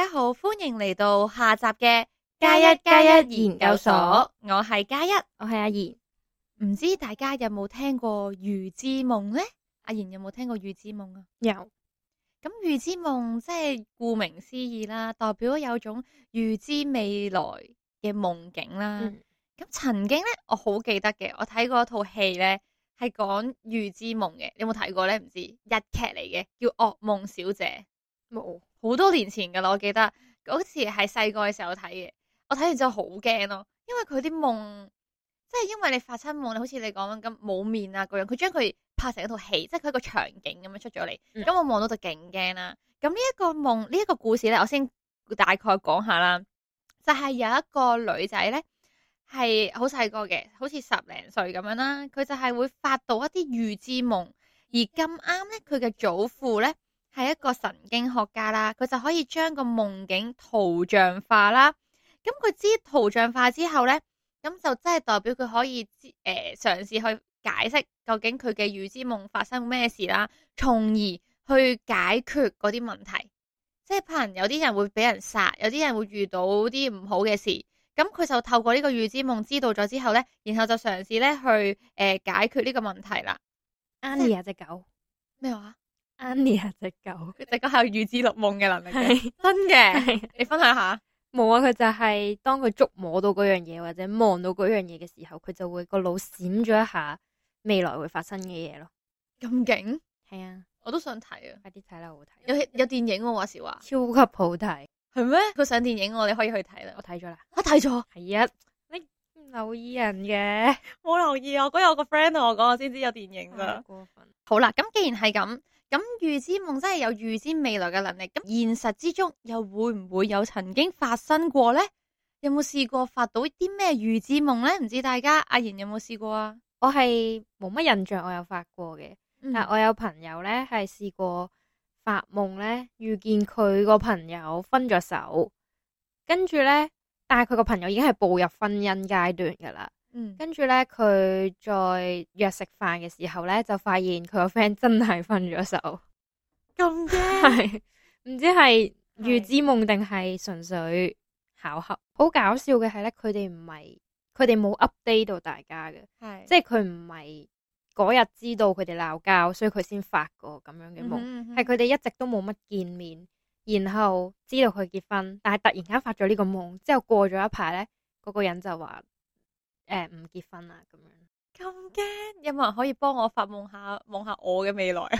大家好，歡迎嚟到下集嘅加一加一研究所。我係加一，我係阿妍。唔知大家有冇聽過預知夢呢？阿、啊、妍有冇聽過預知夢啊？有。咁預知夢即係顧名思義啦，代表咗有種預知未來嘅夢境啦。咁、嗯、曾經呢，我好記得嘅，我睇過一套戲呢，係講預知夢嘅。你有冇睇過呢？唔知日劇嚟嘅，叫《惡夢小姐》。冇。好多年前㗎喇，我記得好似係細個嘅時候睇嘅。我睇完之後好驚咯，因為佢啲夢，即係因為你發親夢，你好似你講緊咁冇面啊嗰樣。佢將佢拍成一套戲，即係佢一個場景咁樣出咗嚟。咁、嗯、我望到就勁驚啦。咁呢一個夢，呢、這、一個故事咧，我先大概講下啦。就係、是、有一個女仔咧，係好細個嘅，好似十零歲咁樣啦。佢就係會發到一啲預知夢，而咁啱咧，佢嘅祖父咧。係一個神經學家啦，佢就可以將個夢境圖像化啦。咁佢知圖像化之後呢，咁就即係代表佢可以知，誒，嘗試去解釋究竟佢嘅預知夢發生咩事啦，從而去解決嗰啲問題。即係可能有啲人會俾人殺，有啲人會遇到啲唔好嘅事。咁佢就透過呢個預知夢知道咗之後呢，然後就嘗試咧去誒、呃、解決呢個問題啦。阿妍啊，隻狗咩話？Annie 啊，隻狗佢大家係預知六夢嘅能力，真嘅。你分享下，冇啊。佢就係當佢觸摸到嗰樣嘢或者望到嗰樣嘢嘅時候，佢就會個腦閃咗一下未來會發生嘅嘢咯。咁勁？係啊！我都想睇啊！快啲睇啦，好睇。有有電影我話時話超級好睇，係咩？佢上電影我哋可以去睇啦。我睇咗啦，我睇咗。係啊，你留意人嘅冇留意啊？嗰日我個 friend 同我講，我先知有電影咋。過分。好啦，咁既然係咁。咁預知夢真係有預知未來嘅能力，咁現實之中又會唔會有曾經發生過呢？有冇試過發到啲咩預知夢呢？唔知大家阿妍有冇試過啊？我係冇乜印象，我有發過嘅，但我有朋友咧係試過發夢咧，遇見佢個朋友分咗手，跟住咧，但係佢個朋友已經係步入婚姻階段噶啦。跟住、嗯、呢，佢再約食飯嘅時候呢，就發現佢個 friend 真係分咗手。咁驚係唔知係預知夢定係純粹巧合。是好搞笑嘅係呢，佢哋唔係佢哋冇 update 到大家嘅，是即係佢唔係嗰日知道佢哋鬧交，所以佢先發個咁樣嘅夢。係佢哋一直都冇乜見面，然後知道佢結婚，但係突然間發咗呢個夢之後，過咗一排呢，嗰、那個人就話。誒，唔、欸、結婚啦咁樣，咁驚有冇人可以幫我發夢下夢下我嘅未來？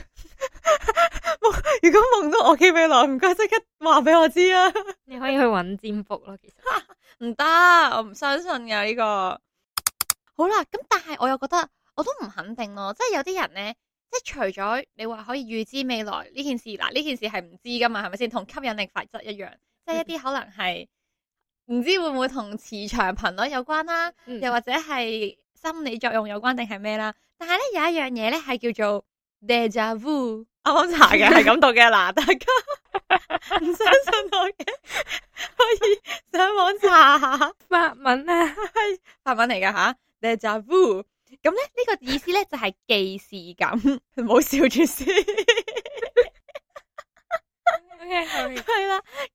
如果夢到我嘅未來，唔該即刻話俾我知啦。 你可以去揾占卜咯，其實唔得、啊，我唔相信噶呢、這個。好啦，咁但係我又覺得我都唔肯定咯，即係有啲人咧，即係除咗你話可以預知未來呢件事，嗱呢件事係唔知噶嘛，係咪先？同吸引力法則一樣，即係一啲可能係。嗯唔知會唔會同磁場頻率有關啦，嗯、又或者係心理作用有關定係咩啦？但係咧有一樣嘢咧係叫做 deja vu，啱啱查嘅係咁讀嘅嗱，大家唔相信我嘅，可以上網查下法文啊，係法文嚟噶吓，deja vu，咁咧呢、呢個意思咧就係既視感，唔好笑住先。係啦，咁呢 Okay ,、okay.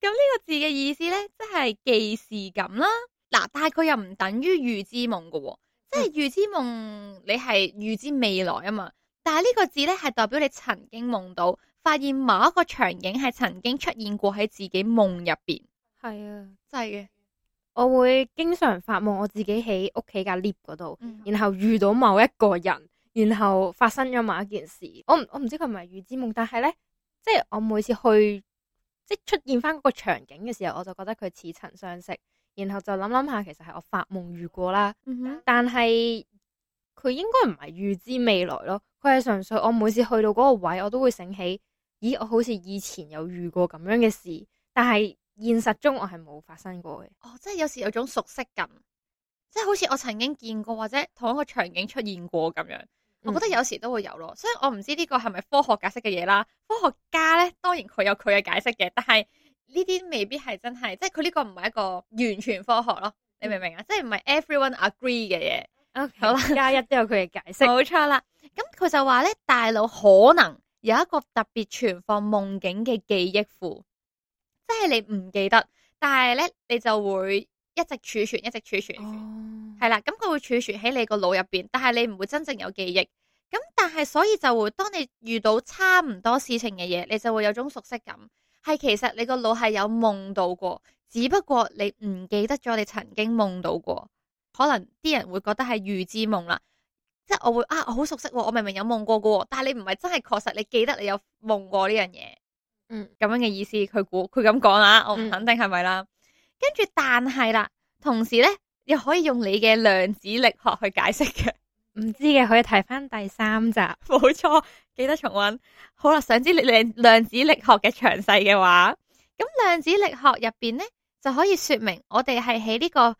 個字嘅意思呢，即係既視感啦。嗱，但係佢又唔等於預知夢噶、哦，即係預知夢、嗯、你係預知未來啊嘛。但係呢個字呢，係代表你曾經夢到，發現某一個場景係曾經出現過喺自己夢入邊。係啊，真係嘅。我會經常發夢，我自己喺屋企嘅 lift 嗰度，嗯、然後遇到某一個人，然後發生咗某一件事。我唔我唔知佢係咪預知夢，但係呢，即係我每次去。即出現翻嗰個場景嘅時候，我就覺得佢似曾相識，然後就諗諗下，其實係我發夢遇過啦。嗯哼。但係佢應該唔係預知未來咯，佢係純粹我每次去到嗰個位，我都會醒起，咦，我好似以前有遇過咁樣嘅事，但係現實中我係冇發生過嘅。哦，即係有時有種熟悉感，即係好似我曾經見過或者同一個場景出現過咁樣。我覺得有時都會有咯，所以我唔知呢個係咪科學解釋嘅嘢啦。科學家咧，當然佢有佢嘅解釋嘅，但係呢啲未必係真係，即係佢呢個唔係一個完全科學咯。你明唔明啊？嗯、即係唔係 everyone agree 嘅嘢。Okay, 好啦，加一都有佢嘅解釋，冇錯 啦。咁佢就話咧，大腦可能有一個特別存放夢境嘅記憶庫，即係你唔記得，但係咧，你就會。一直儲存，一直儲存，係啦、oh.，咁佢會儲存喺你個腦入邊，但係你唔會真正有記憶。咁但係所以就會，當你遇到差唔多事情嘅嘢，你就會有種熟悉感，係其實你個腦係有夢到過，只不過你唔記得咗你曾經夢到過。可能啲人會覺得係預知夢啦，即係我會啊，我好熟悉、啊，我明明有夢過噶，但係你唔係真係確實你記得你有夢過呢樣嘢。嗯，咁樣嘅意思，佢估佢咁講啊，我唔肯定係咪啦。嗯跟住，但係啦，同時咧，又可以用你嘅量子力學去解釋嘅。唔知嘅可以睇翻第三集，冇錯，記得重溫。好啦，想知量量子力學嘅詳細嘅話，咁量子力學入面咧就可以說明，我哋係喺呢個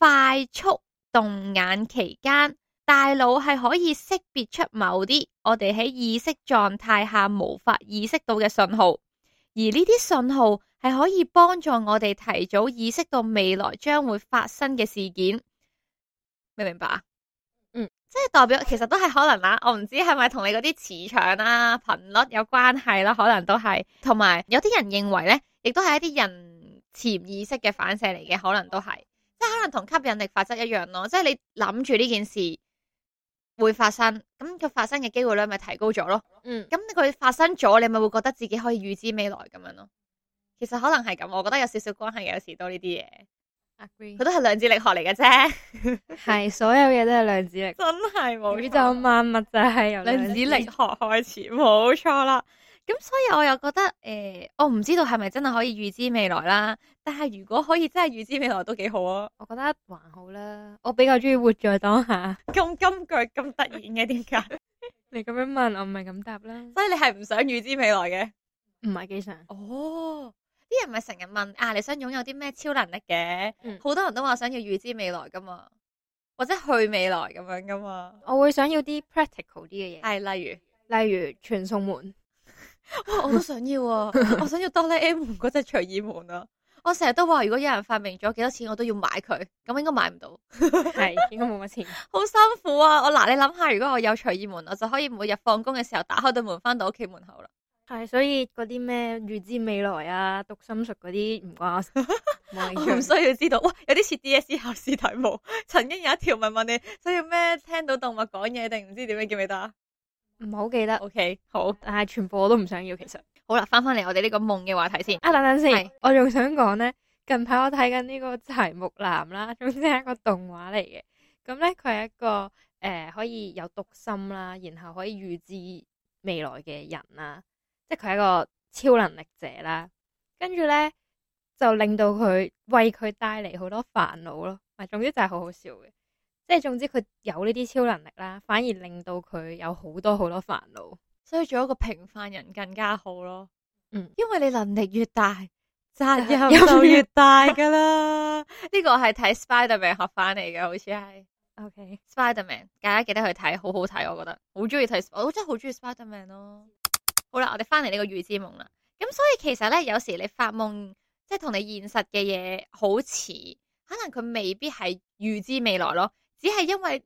快速動眼期間，大腦係可以識別出某啲我哋喺意識狀態下無法意識到嘅信號。而呢啲信號係可以幫助我哋提早意識到未來將會發生嘅事件，明唔明白啊？嗯，即係代表其實都係可能啦，我唔知係咪同你嗰啲磁場啊、頻率有關係啦，啊，可能都係，同埋有啲人認為咧，亦都係一啲人潛意識嘅反射嚟嘅，可能都係，即係可能同吸引力法則一樣咯，啊，即係你諗住呢件事。會發生，咁佢發生嘅機會率咪提高咗咯。嗯，咁佢、嗯、發生咗，你咪會覺得自己可以預知未來咁樣咯。其實可能係咁，我覺得有少少關係有時都呢啲嘢。agree，佢都係量子力學嚟嘅啫，係所有嘢都係量子力。真係冇宇宙萬物就係由量子力學開始，冇錯錯啦。 咁所以我又覺得誒、欸，我唔知道係咪真係可以預知未來啦。但係如果可以真係預知未來都幾好啊。我覺得還好啦。我比較中意活在當下。咁金句咁突然嘅，點解？ 你咁樣問，我唔係咁答啦。所以你係唔想預知未來嘅？唔係幾想。哦，啲人唔係成日問啊，你想擁有啲咩超能力嘅？嗯，好多人都話想要預知未來噶嘛，或者去未來咁樣噶嘛。我會想要啲 practical 啲嘅嘢，係例如例如傳送門。哇、哦！我都想要啊， 我想要哆啦 A 夢嗰隻隨意門啊！ 我成日都話，如果有人發明咗幾多錢，我都要買佢。咁應該買唔到，係 應該冇乜錢。 好辛苦啊！我嗱，你諗下，如果我有隨意門，我就可以每日放工嘅時候打開對門，翻到屋企門口啦。係，所以嗰啲咩預知未來啊、讀心術嗰啲唔關我，唔 需要知道。哇，有啲似 DSE 考試題目。曾經有一條問，問你，需要咩聽到動物講嘢定唔知點樣叫你得啊？唔好記得，OK，好，但係全部我都唔想要，其實好啦，返返嚟我哋呢個夢嘅話題先。啊，等等先，是我仲想講呢，近排我睇緊呢個齊木楠啦，總之係一個動畫嚟嘅。咁呢，佢係一個誒、呃、可以有讀心啦，然後可以預知未來嘅人啦，即係佢係一個超能力者啦。跟住呢，就令到佢為佢帶嚟好多煩惱咯，咪總之就係好好笑嘅。即係總之佢有呢啲超能力啦，反而令到佢有好多好多煩惱，所以做一個平凡人更加好咯。嗯，因為你能力越大，責任越大噶啦。呢 個係睇《Spiderman》學翻嚟嘅，好似係。O Okay . K，Spider《Spiderman》，大家記得去睇，好好睇，我覺得好中意睇，我真係好中意《Spiderman》咯。好啦，我哋翻嚟呢個預知夢啦。咁所以其實咧，有時你發夢即係同你現實嘅嘢好似，可能佢未必係預知未來咯。只係因為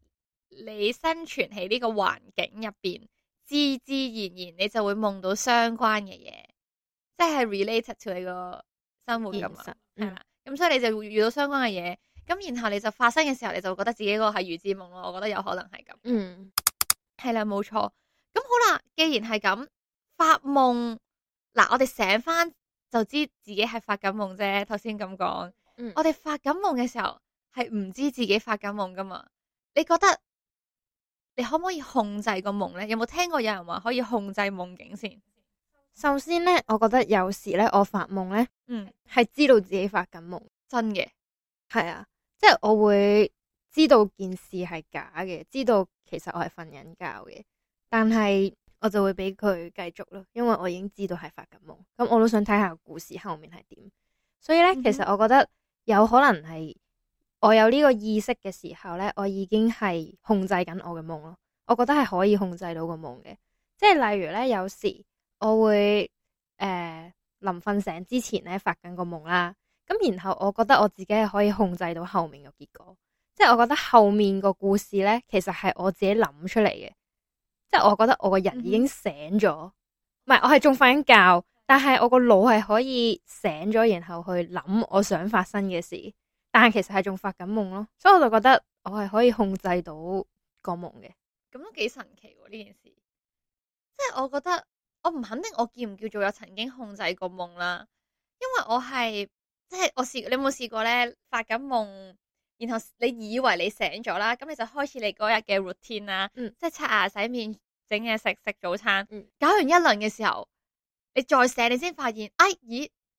你生存喺呢個環境入邊，自自然然你就會夢到相關嘅嘢，即係 relate to 你個生活噶嘛，係嘛？咁、嗯、所以你就會遇到相關嘅嘢，咁然後你就發生嘅時候，你就覺得自己嗰個係預知夢咯。我覺得有可能係咁。嗯，係啦，冇錯。咁好啦，既然係咁發夢，嗱我哋醒翻就知自己係發緊夢啫。頭先咁講，嗯、我哋發緊夢嘅時候。係唔知自己發緊夢噶嘛？你覺得你可唔可以控制個夢呢？有冇聽過有人話可以控制夢境先？首先呢，我覺得有時呢，我發夢呢，嗯，係知道自己發緊夢，真嘅，係啊，即係我會知道件事係假嘅，知道其實我係瞓緊覺嘅，但係我就會俾佢繼續咯，因為我已經知道係發緊夢，咁我都想睇下故事後面係點。所以呢，其實我覺得有可能係。我有呢個意識嘅時候呢，我已經係控制緊我嘅夢咯。我覺得係可以控制到個夢嘅，即係例如呢，有時我會誒、呃、臨瞓醒之前呢，發緊個夢啦，咁然後我覺得我自己係可以控制到後面嘅結果，即係我覺得後面個故事呢，其實係我自己諗出嚟嘅，即係我覺得我個人已經醒咗，唔係、嗯、我係仲瞓緊覺，但係我個腦係可以醒咗，然後去諗我想發生嘅事。但係其實係仲發緊夢咯，所以我就覺得我係可以控制到個夢嘅，咁都幾神奇呢、喎、件事。即係我覺得我唔肯定我叫唔叫做有曾經控制過夢啦，因為我係即係我試你有冇試過咧發緊夢，然後你以為你醒咗啦，咁你，你，你就開始你嗰日嘅 routine 啦，嗯、即係刷牙洗，洗面、整嘢食、食早餐，嗯、搞完一輪嘅時候，你再醒，你先發現哎咦。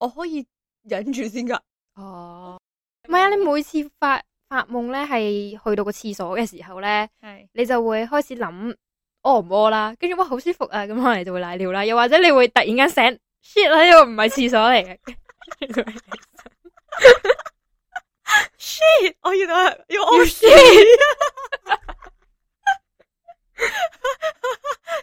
我可以忍住先噶，哦，唔係啊，你每次發發夢咧，係去到個廁所嘅時候咧，係你就會開始諗屙唔屙啦，跟住哇，好舒服啊，咁後來就會瀨尿啦，又或者你會突然間醒，shit 啦，呢個唔係廁所嚟嘅，shit，哦，原來要屙，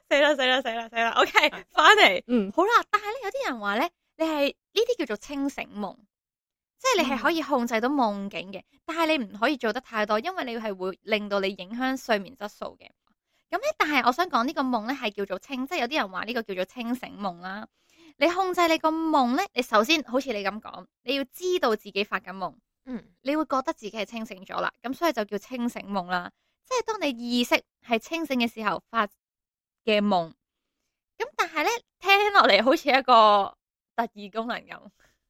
死啦死啦死啦死啦，OK，翻嚟。嗯，好啦，但係咧有啲人話咧，你係。呢啲叫做清醒夢，即係你係可以控制到夢境嘅。嗯、但係你唔可以做得太多，因為你係會令到你影響睡眠質素嘅。咁咧，但係我想講呢個夢咧係叫做清，即係有啲人話呢個叫做清醒夢啦、啊。你控制你個夢咧，你首先好似你咁講，你要知道自己發緊夢，嗯、你會覺得自己係清醒咗啦，咁所以就叫清醒夢啦。即係當你意識係清醒嘅時候發嘅夢，咁但係咧聽落嚟好似一個。特異功能咁，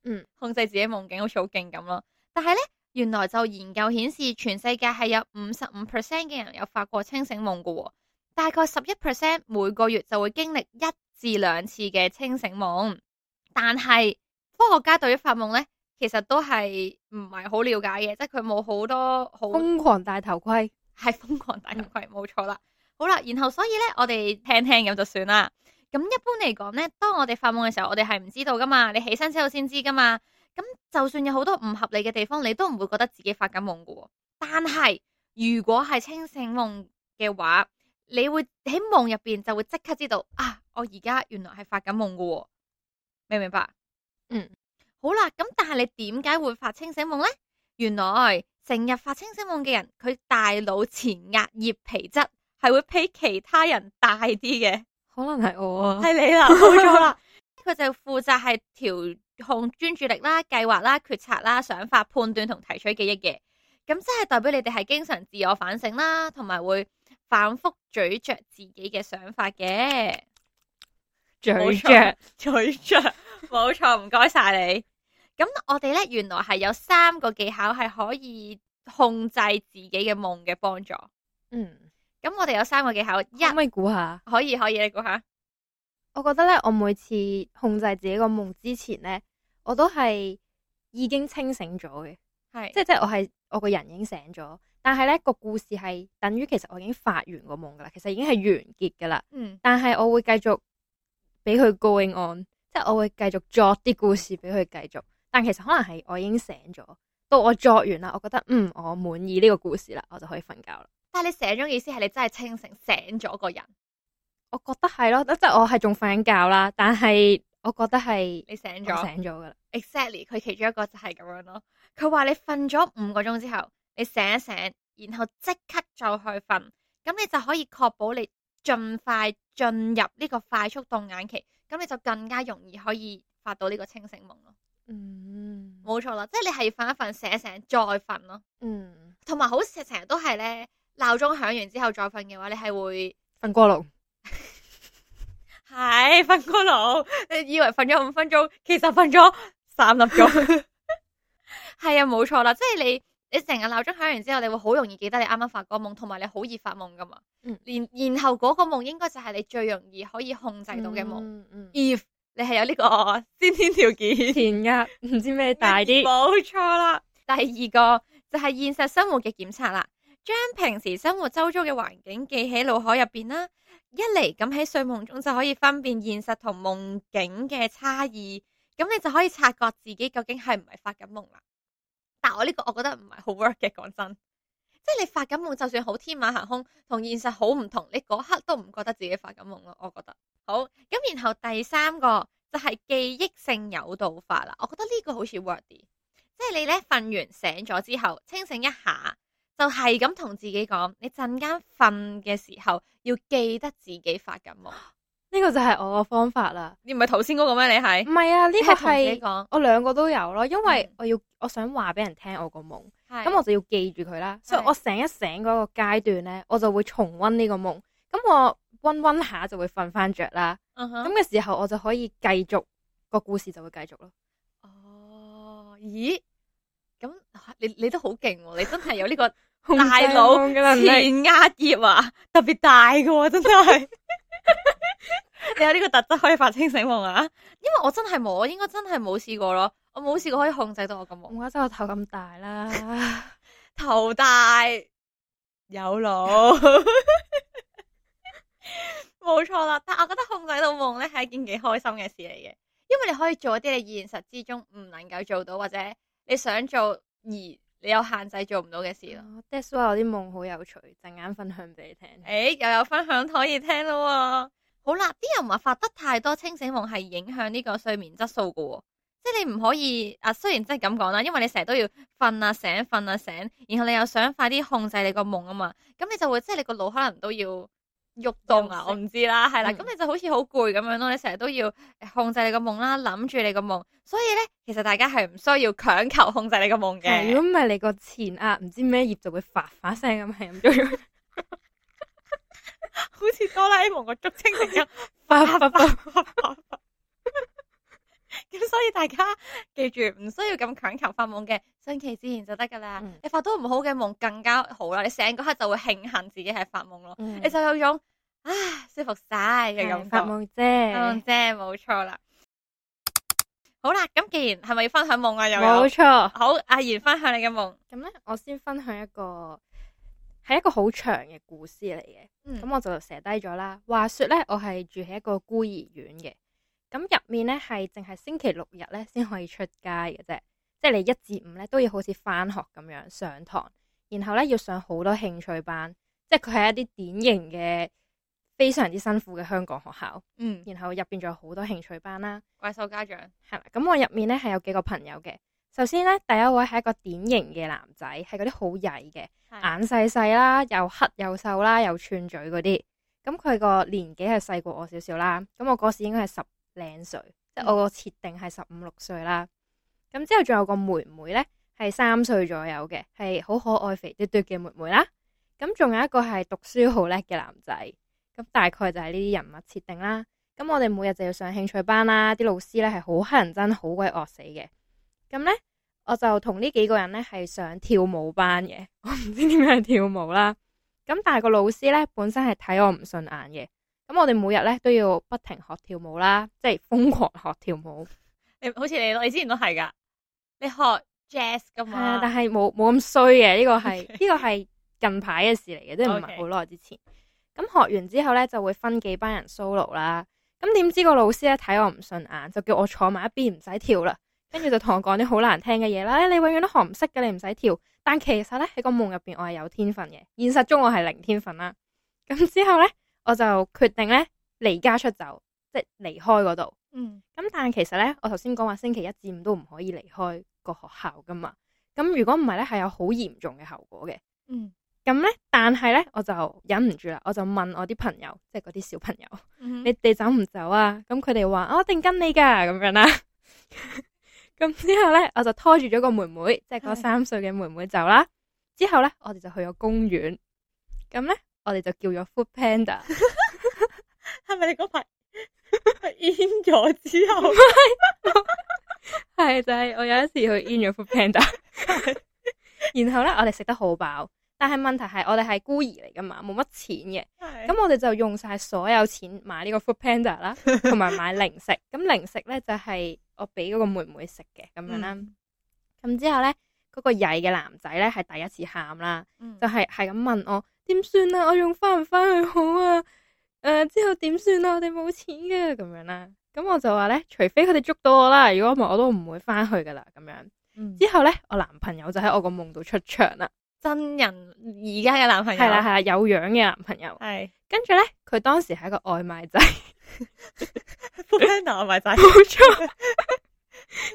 嗯，控制自己夢境好似好勁咁咯。但係咧，原來就研究顯示，全世界係有五十五 percent 嘅人有發過清醒夢噶，哦，大概十一 percent 每個月就會經歷一至兩次嘅清醒夢。但係科學家對於發夢咧，其實都係唔係好了解嘅，即係佢冇好多好。瘋狂戴頭盔，係瘋狂戴頭盔，冇錯啦。好啦，然後所以咧，我哋聽聽咁就算啦。咁一般嚟講咧，當我哋發夢嘅時候，我哋係唔知道噶嘛，你起身之後先知噶嘛。咁就算有好多唔合理嘅地方，你都唔會覺得自己發緊夢噶。但係如果係清醒夢嘅話，你會喺夢入邊就會即刻知道啊！我而家原來係發緊夢噶，明唔明白？嗯，好啦，咁但係你點解會發清醒夢咧？原來成日發清醒夢嘅人，佢大腦前額葉皮質係會比其他人大啲嘅。可能係我啊，係你啦，冇錯啦。佢就負責係調控專注力啦、計劃啦、決策啦、想法、判斷同提取記憶嘅。咁即係代表你哋係經常自我反省啦，同埋會反覆咀嚼自己嘅想法嘅。冇錯， 咀嚼，咀嚼，冇錯，唔該晒你。咁我哋咧，原來係有三個技巧係可以控制自己嘅夢嘅幫助。嗯。咁我哋有三個技巧，一，可以估下？可以，可以，你估下。我覺得咧，我每次控制自己個夢之前咧，我都係已經清醒咗嘅，係，即係即係我係我個人已經醒咗。但係咧個故事係等於其實我已經發完個夢噶啦，其實已經係完結噶啦。嗯。但係我會繼續俾佢 going on，即係我會繼續作啲故事俾佢繼續。但其實可能係我已經醒咗，到我作完啦，我覺得嗯我滿意呢個故事啦，我就可以瞓覺啦。但你醒咗嘅意思係你真係清醒醒咗個人，我覺得係咯，即係我係仲瞓緊覺啦。但係我覺得係你醒咗醒咗噶啦，exactly 佢其中一個就係咁樣咯。佢話你瞓咗五個鐘之後，你醒一醒，然後即刻就去瞓，咁你就可以確保你盡快進入呢個快速動眼期，咁你就更加容易可以發到呢個清醒夢咯。嗯，冇錯啦，即係你係瞓一瞓，醒醒再瞓咯。嗯，同埋好似成日都係咧。鬧鐘響完之後再瞓嘅話，你係會瞓過龍，係瞓過龍。你以為瞓咗五分鐘，其實瞓咗三粒鐘。係啊，冇錯啦。即係你，你成日鬧鐘響完之後，你會好容易記得你啱啱發過夢，同埋你好易發夢噶嘛。嗯。然然後嗰個夢應該就係你最容易可以控制到嘅夢。嗯嗯。而你係有呢個先天條件，唔知咩大啲。冇錯啦。第二個就係現實生活嘅檢測啦。將平時生活周遭嘅環境記喺腦海入邊啦，一嚟咁喺睡夢中就可以分辨現實同夢境嘅差異，咁你就可以察覺自己究竟係唔係發緊夢啦。但我呢個我覺得唔係好 work 嘅，講真，即係你發緊夢，就算好天馬行空，同現實好唔同，你嗰刻都唔覺得自己發緊夢咯。我覺得好。咁然後第三個就係、是、記憶性誘導法啦，我覺得呢個好似 work 啲，即係你咧瞓完醒咗之後清醒一下。就係咁同自己講，你陣間瞓嘅時候要記得自己發緊夢，呢個就係我個方法啦。你唔係頭先嗰個咩？你係唔係啊？呢、這個係我兩個都有咯，因為我要我想話俾人聽我個夢，咁、嗯、我就要記住佢啦。是所以我醒一醒嗰個階段咧，我就會重溫呢個夢，咁我溫溫下就會瞓翻着啦。咁嘅、嗯、哼時候我就可以繼續個故事就會繼續咯。哦，咦？咁你你都好勁，你真係有呢個。 大佬，前額葉啊，特別大嘅喎、啊，真係。 你有呢個特質可以發清醒夢啊？因為我真係冇，我應該真係冇試過咯，我冇試過可以控制到我嘅夢。我真係頭咁大啦， 頭大有腦，冇 錯啦。但我覺得控制到夢咧係一件幾開心嘅事嚟嘅，因為你可以做一啲你現實之中唔能夠做到或者你想做而。你有限制做唔到嘅事咯。Des 話、oh, 我啲夢好有趣，陣間分享俾你聽。誒、欸，又有分享可以聽咯。好啦，啲人話發得太多清醒夢係影響呢個睡眠質素噶、哦，即係你唔可以啊。雖然即係咁講啦，因為你成日都要瞓啊醒、瞓啊醒，然後你又想快啲控制你個夢啊嘛，咁你就會即係你個腦可能都要。喐動啊，我唔知啦，係、嗯、啦，咁你就好似好攰咁樣咯，你成日都要控制你個夢啦，諗住你個夢，所以咧，其實大家係唔需要強求控制你個夢嘅。如果唔係你個前啊，唔知咩嘢，就會發發聲咁，係咁 好似哆啦 A 夢個竹蜻蜓咁，發發發 發發發。咁 所以大家記住，唔需要咁強求發夢嘅，順其自然就得噶啦。嗯、你發到唔好嘅夢更加好啦，你醒嗰刻就會慶幸自己係發夢咯，嗯、你就有種。啊，舒服晒嘅感受啫，嗯，發夢啫冇錯啦。好啦，咁既然係咪要分享夢啊？有冇錯？錯好，阿妍分享你嘅夢咁咧，我先分享一個係一個好長嘅故事嚟嘅。咁、嗯、我就寫低咗啦。話說咧，我係住喺一個孤兒院嘅，咁入面咧係淨係星期六日咧先可以出街嘅啫，即係你一至五咧都要好似翻學咁樣上堂，然後咧要上好多興趣班，即係佢係一啲典型嘅。非常之辛苦嘅香港學校，嗯，然後入邊仲有好多興趣班啦，怪獸家長係啦，咁我入面咧係有幾個朋友嘅。首先咧，第一位係一個典型嘅男仔，係嗰啲好曳嘅，的眼細細啦，又黑又瘦啦，又串嘴嗰啲。咁佢個年紀係細過我少少啦。咁我嗰時應該係十零歲，嗯、即係我個設定係十五六歲啦。咁之後仲有個妹妹咧，係三歲左右嘅，係好可愛肥嘟嘟嘅妹妹啦。咁仲有一個係讀書好叻嘅男仔。咁大概就係呢啲人物設定啦。咁我哋每日就要上興趣班啦，啲老師咧係好乞人憎，好鬼惡死嘅。咁咧，我就同呢幾個人咧係上跳舞班嘅。我唔知點樣去跳舞啦。咁但係個老師咧本身係睇我唔順眼嘅。咁我哋每日咧都要不停學跳舞啦，即係瘋狂學跳舞。你好似你你之前都係噶，你學 jazz 噶嘛？係啊，但係冇冇咁衰嘅，呢個係呢個係近排嘅事嚟嘅，即係唔係好耐之前。Okay. 咁學完之後咧，就會分幾班人 solo 啦。咁點知個老師咧睇我唔順眼，就叫我坐埋一邊唔使跳啦。跟住就同我講啲好難聽嘅嘢啦。你永遠都學唔識嘅，你唔使跳。但其實咧喺個夢入邊，我係有天分嘅。現實中我係零天分啦。咁之後咧，我就決定咧離家出走，即係離開嗰度。嗯。咁但係其實咧，我頭先講話星期一至五都唔可以離開個學校噶嘛。咁如果唔係咧，係有好嚴重嘅後果嘅。嗯。咁咧，但係咧，我就忍唔住啦，我就問我啲朋友，即係嗰啲小朋友，嗯哼你哋走唔走啊？咁佢哋話我一定跟你噶，咁樣啦。咁之後咧，我就拖住咗個妹妹，即係嗰三歲嘅妹妹走啦。之後咧，我哋就去咗公園。咁咧，我哋就叫咗 food panda。係 咪 你嗰排 in 咗之後？係就係我有一次去 in 咗 food panda。 然後咧，我哋食得好飽。但係問題係我哋係孤兒嚟噶嘛，冇乜錢嘅，咁 我哋就用晒所有錢買呢個 Foodpanda 啦，同埋買零食。咁 零食咧就係、是，我俾嗰個妹妹食嘅咁樣啦。咁、嗯嗯、之後咧，嗰、那個曳嘅男仔咧係第一次喊啦，嗯、就係係咁問我點算啊？我用翻唔翻去好啊？誒、呃，之後點算啊？我哋冇錢嘅。」咁樣啦。咁我就話咧，除非佢哋捉到我啦，如果唔係我都唔會翻去噶啦。咁樣之後咧，我男朋友就喺我個夢度出場啦。真人而家嘅男朋友係啦係啦，有樣嘅男朋友係。是跟住咧，佢當時係一個外賣仔，普通外賣仔，冇錯。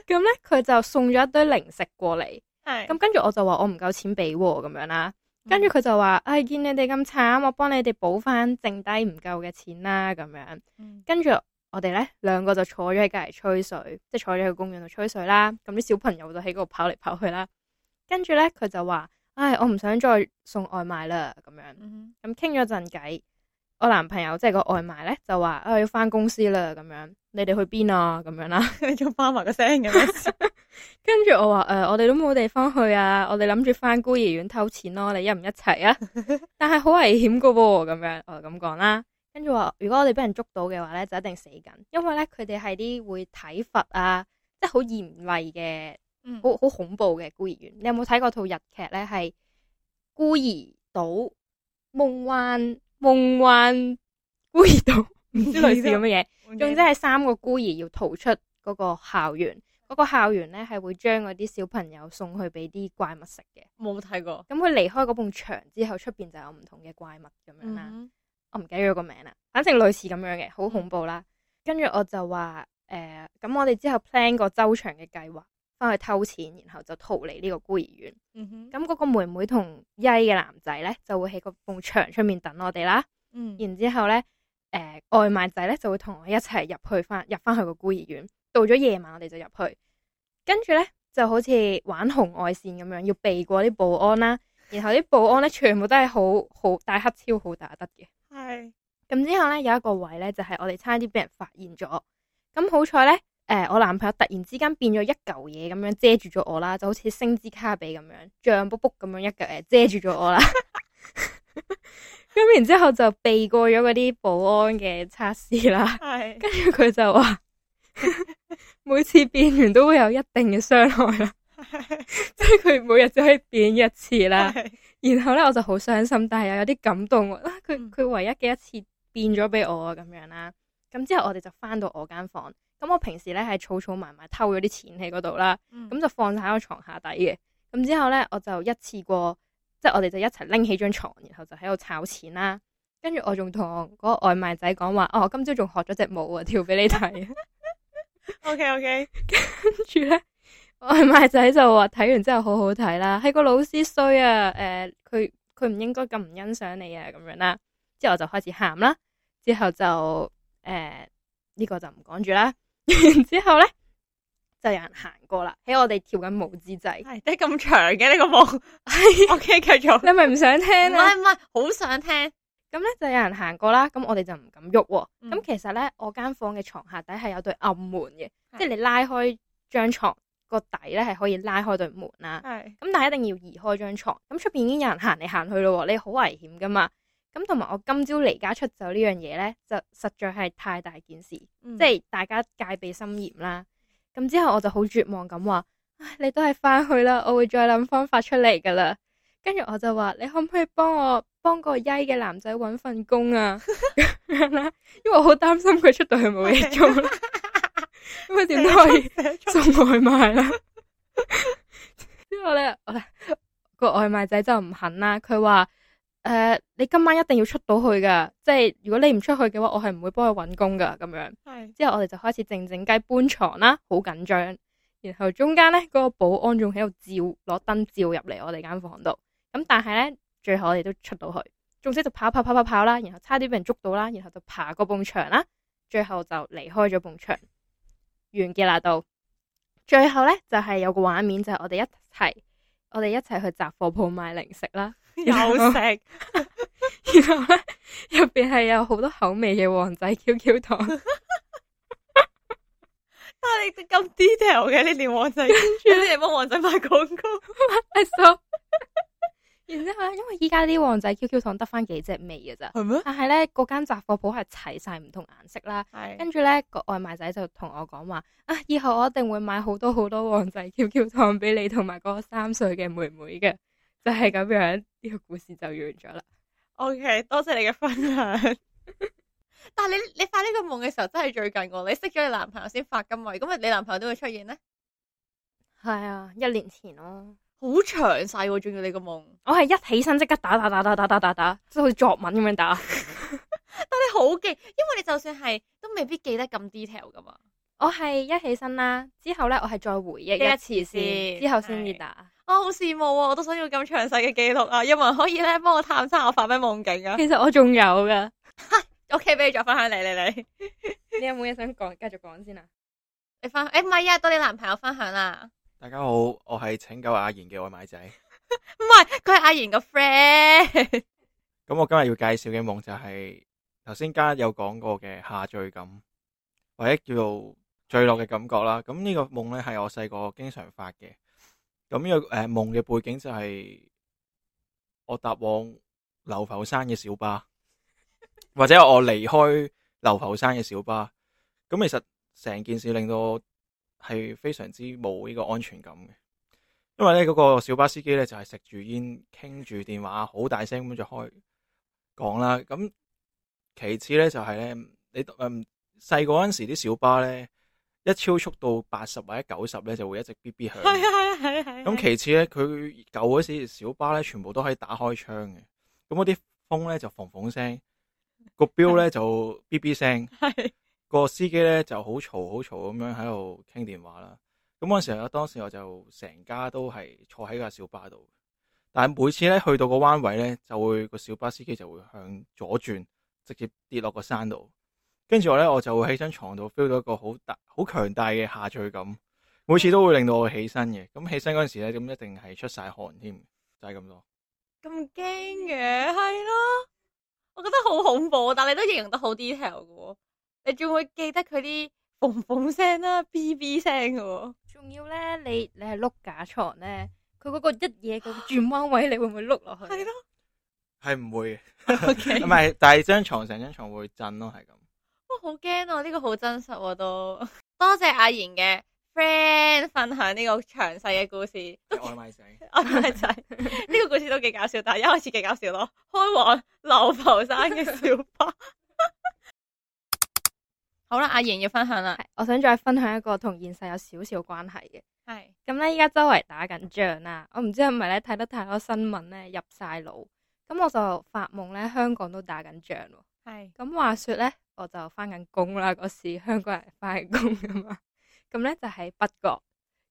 咁咧，佢就送咗一堆零食過嚟。係咁是，跟住我就話我唔夠錢俾，咁樣啦。跟住佢就話：唉，見你哋咁慘，我幫你哋補翻剩低唔夠嘅錢啦。咁樣。嗯、跟住我哋咧，兩個就坐咗喺隔籬吹水，即係坐咗喺公園度吹水啦。咁啲小朋友就喺嗰度跑嚟跑去啦。跟住咧，佢就話。唉，我唔想再送外賣啦，咁樣。咁傾咗陣偈。我男朋友即係個外賣咧，就話啊、哎、要翻公司啦，咁樣，你哋去邊啊？咁樣啦，做媽咪個聲嘅，跟住我話誒，我哋都冇地方去啊，我哋諗住翻孤兒院偷錢咯、啊，你一唔一齊啊？ 但係好危險噶喎，咁樣我就咁講啦。跟住話如果我哋俾人捉到嘅話咧，就一定死緊，因為咧佢哋係啲會體罰啊，即係好嚴厲嘅。嗯、好好恐怖嘅孤兒院，你有冇睇過套日劇咧？係孤兒島夢幻、夢幻孤兒島， 唔知類似咁嘅嘢，嗯、總之係三個孤兒要逃出嗰個校園，嗰、嗰個校園咧係會將嗰啲小朋友送去俾啲怪物食嘅，冇睇過，咁佢離開嗰棟牆之後，出邊就有唔同嘅怪物咁樣啦。嗯、我唔記得咗個名啦，反正類似咁樣嘅，好恐怖啦。嗯、跟住我就話誒，咁、呃、我哋之後 plan 個周長嘅計劃。翻去偷錢，然後就逃離呢個孤兒院。咁嗰、嗯、哼個妹妹同曳嘅男仔呢，就會喺個埲牆出面等我哋啦。嗯、然之後咧，誒、呃、外賣仔呢，就會同我一齊入去翻，入翻去個孤兒院。到咗夜晚，我哋就入去，跟住呢，就好似玩紅外線咁樣，要避過啲保安啦。然後啲保安呢，全部都係好好大黑超好打得嘅。係咁是之後呢，有一個位呢，就係、是、我哋差啲俾人發現咗，咁好彩呢。誒、呃，我男朋友突然之間變咗一嚿嘢，咁樣遮住咗我啦，就好似《星之卡比》咁樣，脹卜卜咁樣一嚿誒遮住咗我啦。咁 然之後就避過咗嗰啲保安嘅測試啦。係的。跟住佢就話， 每次變完都會有一定嘅傷害啦。即係佢每日就可以變一次啦。是的 然後咧，我就好傷心，但係又有啲感動。佢、啊、佢唯一嘅一次變咗俾我啊，咁樣啦。咁之後我哋就翻到我間房。咁我平時咧係儲儲埋埋，偷咗啲錢喺嗰度啦，咁、嗯、就放喺我床下底嘅。咁之後咧，我就一次過，即、就、係、是、我哋就一齊拎起張床，然後就喺度炒錢啦。跟住我仲同我個外賣仔講話，哦，今朝仲學咗隻舞啊，跳俾你睇。O K O K，跟住咧，外賣仔就話睇完之後好好睇啦，係個老師衰啊，誒、呃，佢佢唔應該咁唔欣賞你啊，咁樣啦。之後我就開始喊啦，之後就誒呢、呃，這個就唔講住啦。然之後咧就有人行過啦，喺我哋跳緊舞之際，係即係咁長嘅呢個房，係 OK 繼續。你係咪唔想聽？唔係唔係，好想聽。咁咧就有人行過啦，咁我哋就唔敢喐、啊。咁、嗯、其實咧，我間房嘅床下底係有對暗門嘅，是即係你拉開張床個底咧係可以拉開對門啦、啊。係咁是，但係一定要移開張床。咁出邊已經有人行嚟行去咯、啊，你好危險噶嘛。咁同埋我今朝離家出走呢樣嘢呢，就實在係太大件事，嗯、即係大家戒備心嚴啦。咁之後我就好絕望咁話：唉，你都係翻去啦，我會再諗方法出嚟噶啦。跟住我就話：你可唔可以幫我幫個曳嘅男仔揾份工啊， 樣啊？因為我好擔心佢出到去冇嘢做，咁佢點都可以送外賣啦。之 後呢，呢那個外賣仔就唔肯啦，佢話。誒，uh, 你今晚一定要出到去噶，即係如果你唔出去嘅話，我係唔會幫佢揾工噶咁樣。是之後我哋就開始靜靜雞搬床啦，好緊張。然後中間呢，嗰、那個保安仲喺度照，攞燈照入嚟我哋間房度。咁、嗯、但係呢，最後我哋都出到去，總之就跑跑跑跑跑啦，然後差啲俾人捉到啦，然後就爬嗰埲牆啦，最後就離開咗埲牆。完結啦，到，最後呢，就係、是、有個畫面就係、是、我哋一齊，我哋一齊去雜貨鋪買零食啦。有食石，然後咧入邊係有好多口味嘅王仔 QQ 糖。哈、 啊，你咁 detail 嘅，呢啲王仔跟住你哋幫王仔拍廣 告。 然之後咧，因為依家啲王仔 QQ 糖得翻幾隻味嘅咋，係咩嗎？但係咧，嗰間雜貨鋪係齊晒唔同顏色啦。係是，跟住咧個外賣仔就同我講話：啊，以後我一定會買好多好多,多,多王仔 QQ 糖俾你同埋嗰個三歲嘅妹妹嘅。就係咁樣，呢、這個故事就完咗啦。OK，多謝你嘅分享。 但係你你發呢個夢嘅時候，真係最近喎，你識咗你男朋友先發噶嘛？咁啊，你男朋友都會出現咧？係啊，一年前咯、啊。好詳細，仲要你個夢。我係一起身即刻打打打打打打打打，即係好似作文咁樣打。 但係你好勁，因為你就算係都未必記得咁 detail 噶嘛。我係一起身啦，之後咧我係再回憶一次先，之後先至打。我好、哦、羨慕、啊，我都想要咁詳細嘅記錄啊！有冇人可以咧幫我探查我發咩夢境啊？其實我仲有㗎，OK，俾你再分享嚟嚟嚟。 你有冇嘢想講？繼續講先啊！你翻誒唔係啊，到你男朋友分享啦、啊。大家好，我係拯救阿妍嘅外賣仔。唔 係，佢係阿妍嘅 friend。咁 我今日要介紹嘅夢就係頭先加有講過嘅下墜感，或者叫做。墜落嘅感覺啦，咁呢個夢咧係我細個經常發嘅，咁呢個誒夢嘅背景就係我搭往流浮山嘅小巴，或者我離開流浮山嘅小巴，咁其實成件事令到我係非常之冇呢個安全感嘅，因為咧嗰個小巴司機咧就係食住煙傾住電話，好大聲咁就開講啦，咁其次咧就係咧你誒細個嗰陣時啲小巴咧。一超速到八十或者九十咧，就會一直嗶嗶響。係啊係啊係啊係。咁 其次咧，佢舊嗰時小巴咧，全部都可以打開窗嘅。咁嗰啲風咧就縫縫聲，個表咧就嗶嗶聲。係個 司機咧就好嘈好嘈咁樣喺度傾電話啦。咁嗰陣時候當時我就成家都係坐喺架小巴度。但係每次咧去到個彎位咧，就會、個小巴司機就會向左轉，直接跌落個山度。跟住我咧，我就會喺張床度 feel 到一個好大、好強大嘅下墜感，每次都會令到我起身嘅。咁起身嗰陣時咧，咁一定係出晒汗添，就係咁多。咁驚嘅係咯，我覺得好恐怖。但你都形容得好 detail 嘅喎，你仲會記得佢啲縫縫聲啦、BB 聲嘅喎。仲要咧，你你係碌架床咧，佢嗰個一嘢個轉彎位， 你會唔會碌落去？係咯的，係唔 會。唔係 Okay. 但係張床成張床會震咯，係咁。好驚哦、啊！呢、這個好真實都、啊，多謝阿妍嘅 friend 分享呢個詳細嘅故事。呢、嗯、 個故事都幾搞笑，但係一開始幾搞笑咯，開往流浮山嘅小巴。 好啦，阿妍要分享啦，我想再分享一個同現實有少少關係嘅。係咁是呢，依家周圍打緊仗啦，我唔知係咪咧睇得太多新聞咧入晒腦，咁我就發夢咧香港都打緊仗。係咁是話說咧。我就翻緊工啦，嗰時香港人翻緊工噶嘛，咁 咧就喺北角，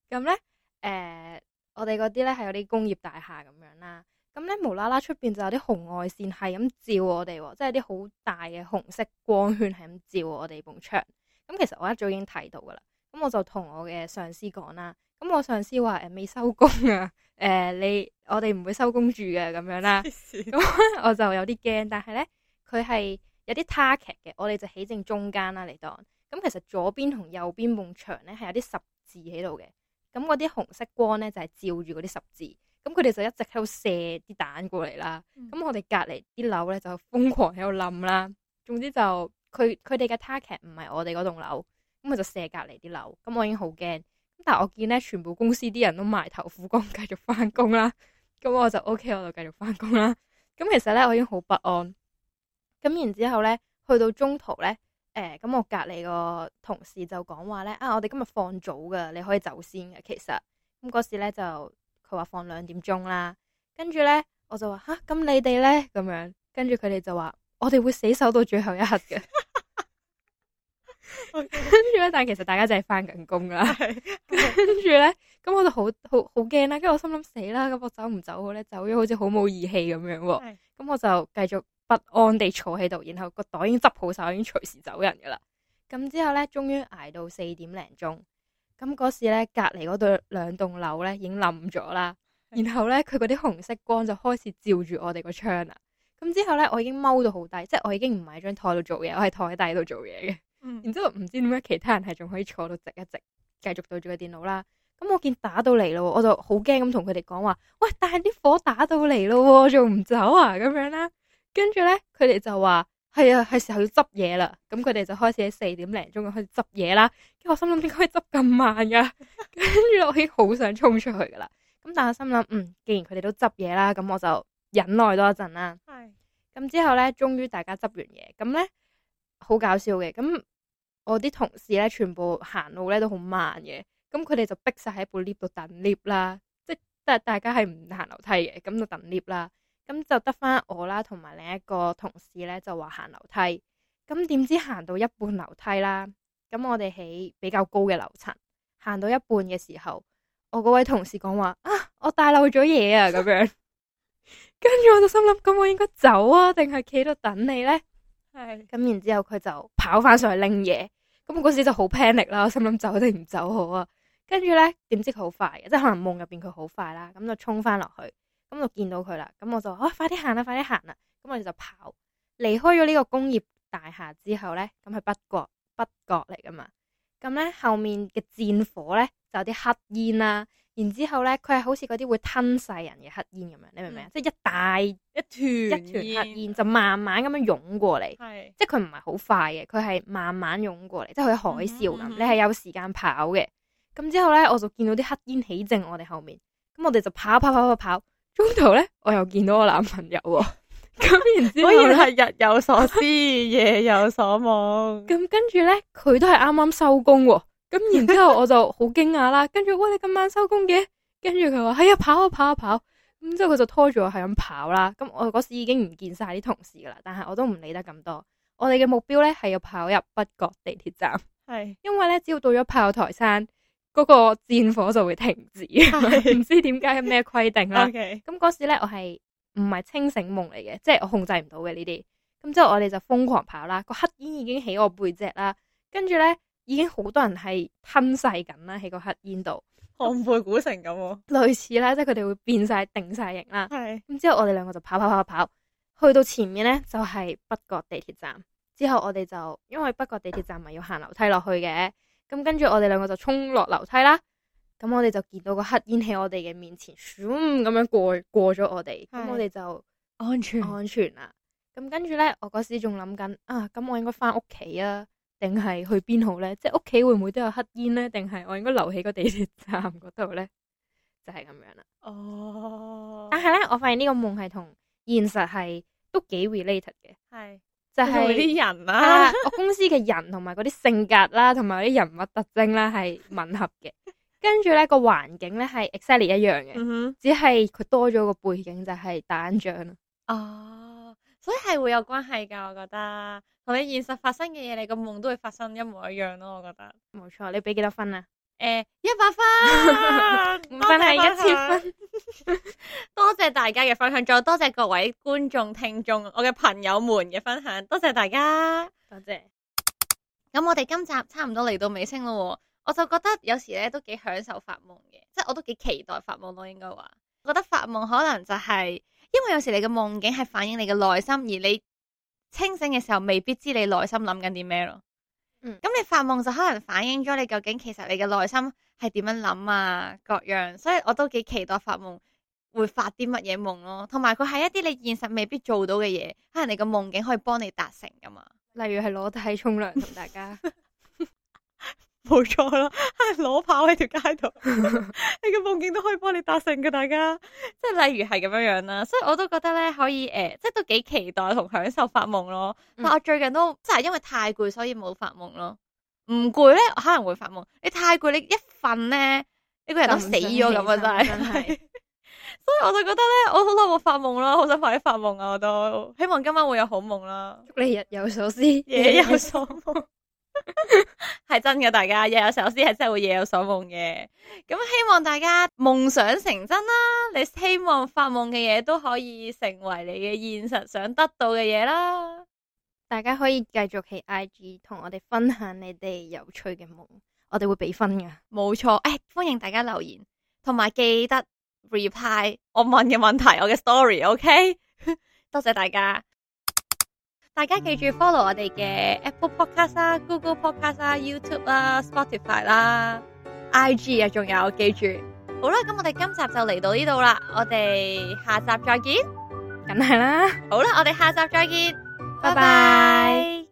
咁咧誒，我哋嗰啲咧係有啲工業大廈咁樣啦，咁咧無啦啦出邊就有啲紅外線係咁照我哋，即係啲好大嘅紅色光圈係咁照我哋埲牆。咁其實我一早已經睇到噶啦，咁我就同我嘅上司講啦，咁我上司話誒，未收工啊，誒、呃、你我哋唔會收工住嘅咁樣啦，咁經 我就有啲驚，但係咧佢係。有啲 target 嘅，我哋就起正中間啦嚟當。咁其實左邊同右邊幕牆咧係有啲十字喺度嘅。咁嗰啲紅色光咧就係、是、照住嗰啲十字。咁佢哋就一直喺度射啲彈過嚟啦。咁、嗯、我哋隔籬啲樓咧就瘋狂喺度冧啦。總之就佢佢哋嘅 target 唔係我哋嗰棟樓，咁我就射隔籬啲樓。咁我已經好驚。咁但係我見咧，全部公司啲人都埋頭苦幹，繼續返工啦。咁我就 OK，我就繼續返工啦。咁其實咧我已經好不安。咁然之後咧，去到中途咧，誒、哎，咁我隔籬個同事就講話咧，啊，我哋今日放早噶，你可以走先噶。其實咁嗰時咧就佢話放兩點鐘啦，跟住咧我就話吓，咁你哋咧咁樣，跟住佢哋就話我哋會死守到最後一刻嘅。跟住咧，但係其實大家 就係翻緊工啦。跟住咧，咁 Rogers、ouais. 我就好好好驚啦。跟住我心諗死啦，咁我走唔走好咧？走咗好似好冇義氣咁樣喎。咁我就繼續。不安地坐喺度，然後個袋已經執好晒，已經隨時走人噶啦。咁之後呢，終於挨到四點零鐘。咁嗰時呢，隔籬嗰度兩棟樓呢已經冧咗啦。的然後呢，佢嗰啲紅色光就開始照住我哋個窗啦。咁之後呢，我已經踎到好低，即係我已經唔喺張台度做嘢，我係台底度做嘢嘅。嗯、然之後唔知點解其他人係仲可以坐到直一直，繼續對住個電腦啦。咁我見打到嚟咯，我就好驚咁同佢哋講話：，喂，但係啲火打到嚟咯，仲唔走啊？咁樣啦。跟住咧，佢哋就話係啊，係時候要執嘢啦。咁佢哋就開始喺四點零鐘開始執嘢啦。我心諗點解執咁慢噶啊？跟住落去好想衝出去噶啦。咁但係心諗，嗯，既然佢哋都執嘢啦，咁我就忍耐多一陣啦。係。咁之後咧，終於大家執完嘢，咁咧好搞笑嘅。咁我啲同事咧，全部行路咧都好慢嘅。咁佢哋就逼晒喺部 lift 度等 lift 啦，即係但係大家係唔行樓梯嘅，咁就等 lift 啦。咁就得翻我啦，同埋另一個同事咧就話行樓梯。咁點知行到一半樓梯啦，咁我哋喺比較高嘅樓層，行到一半嘅時候，我嗰位同事講話啊，我帶漏咗嘢啊，咁樣。跟住 我就心諗，咁我應該走啊，定係企度等你呢？」係。咁然之後佢就跑翻上去拎嘢，咁我嗰時就好 panic 啦，我心諗走定唔走好啊？跟住呢，點知佢好快嘅，即係可能夢入邊佢好快啦，咁就衝翻落去。咁就見到佢啦，咁我就哦，快啲行啦，快啲行啦！咁我哋就跑，離開咗呢個工業大廈之後呢，咁係北角北角嚟噶嘛？咁呢，後面嘅戰火呢，就有啲黑煙啦、啊，然之後呢，佢係好似嗰啲會吞晒人嘅黑煙咁樣，你明唔明啊？嗯、即係一大一團一團黑煙就慢慢咁樣湧過嚟是，即係佢唔係好快嘅，佢係慢慢湧過嚟，即係佢好似海嘯咁。嗯嗯、你係有時間跑嘅。咁之後呢，我就見到啲黑煙起正我哋後面，咁我哋就跑跑跑跑跑。跑跑跑跑跑跑跑。中途咧，我又見到我男朋友喎、哦，咁 然之後 果然係日有所思 夜有所夢，咁跟住咧佢都係啱啱收工，咁 然之後我就好驚訝啦，跟住哇你咁晚收工嘅，跟住佢話係啊，跑啊跑啊跑啊，咁之後佢就拖住我係咁跑啦、啊，咁我嗰時已經唔見晒啲同事㗎啦，但係我都唔理得咁多，我哋嘅目標咧係要跑入北角地鐵站，係是因為咧只要到咗炮台山。嗰個戰火就會停止，唔是 知點解係咩規定啦。咁嗰 Okay. 時呢，我係唔係清醒夢嚟嘅，即係我控制唔到嘅呢啲。咁之後我哋就瘋狂跑啦，個黑煙已經起我背脊啦，跟住呢，已經好多人係吞晒緊啦喺個黑煙度，龐貝古城咁、啊。類似啦，即係佢哋會變晒、定晒型啦。咁是之後我哋兩個就跑，跑跑跑跑，去到前面呢，就係、是、北角地鐵站。之後我哋就因為北角地鐵站咪要行樓梯落去嘅。咁跟住我哋兩個就衝落樓梯啦，咁我哋就見到個黑煙喺我哋嘅面前，咁樣過過咗我哋，咁係我哋就安全安全啦。咁跟住呢，我嗰時仲諗緊啊，咁我應該返屋企啊，定係去邊好呢？即係屋企會唔會都有黑煙呢？定係我應該留喺個地鐵站嗰度呢？就係」就係咁樣啦。哦。但係呢，我發現呢個夢係同現實係都幾 related 嘅。係。就係、是、啲人啦、啊 啊，我公司嘅人同埋嗰啲性格啦，同埋嗰啲人物特徵啦係吻合嘅，跟住咧個環境咧係 exactly 一樣嘅，嗯、哼只係佢多咗個背景就係、是、打仗啦。哦，所以係會有關係噶，我覺得同你現實發生嘅嘢，你個夢都會發生一模一樣咯，我覺得。冇錯，你俾幾多分啊？誒，一百分五分係一千分， 多謝 多謝大家嘅分享，再多謝各位觀眾、聽眾、我嘅朋友們嘅分享，多謝大家，多謝。咁我哋今集差唔多嚟到尾聲啦。我就覺得有時咧都幾享受發夢嘅，即係我都幾期待發夢咯。應該話覺得發夢可能就係、是、因為有時你嘅夢境係反映你嘅內心，而你清醒嘅時候未必知你內心諗緊啲咩咯。咁、嗯、你發夢就可能反映咗你究竟其實你嘅內心係點樣諗啊各樣，所以我都幾期待發夢會發啲乜嘢夢咯，同埋佢係一啲你現實未必做到嘅嘢，可能你個夢境可以幫你達成噶嘛，例如係裸體沖涼同大家。 冇錯咯，裸跑喺條街度， 你嘅夢境都可以幫你達成噶，大家即係例如係咁樣樣啦，所以我都覺得咧可以誒、呃，即係都幾期待同享受發夢咯。嗯、但我最近都就係因為太攰，所以冇發夢咯。唔攰咧，可能會發夢。你太攰，你一瞓咧，你個人都死咗咁啊！真係， 真是 所以我就覺得咧，我好耐冇發夢啦，好想快啲發夢啊！我都希望今晚會有好夢啦。祝你日有所思，夜有所夢。係 真嘅，大家日有所思，係真係會夜有所夢嘅。咁希望大家夢想成真啦！你希望發夢嘅嘢都可以成為你嘅現實，想得到嘅嘢啦。大家可以繼續喺 IG 同我哋分享你哋有趣嘅夢，我哋會俾分嘅。冇錯，誒、哎，歡迎大家留言，同埋記得 reply 我問嘅問題，我嘅 story，OK，、okay? 多謝大家。大家記住 follow 我哋嘅 Apple Podcast 啦、Google Podcast 啦、YouTube 啦、Spotify 啦、IG 啊，仲有記住。好啦，咁我哋今集就嚟到呢度啦，我哋下集再見，梗係啦，好啦，我哋下集再見，拜拜。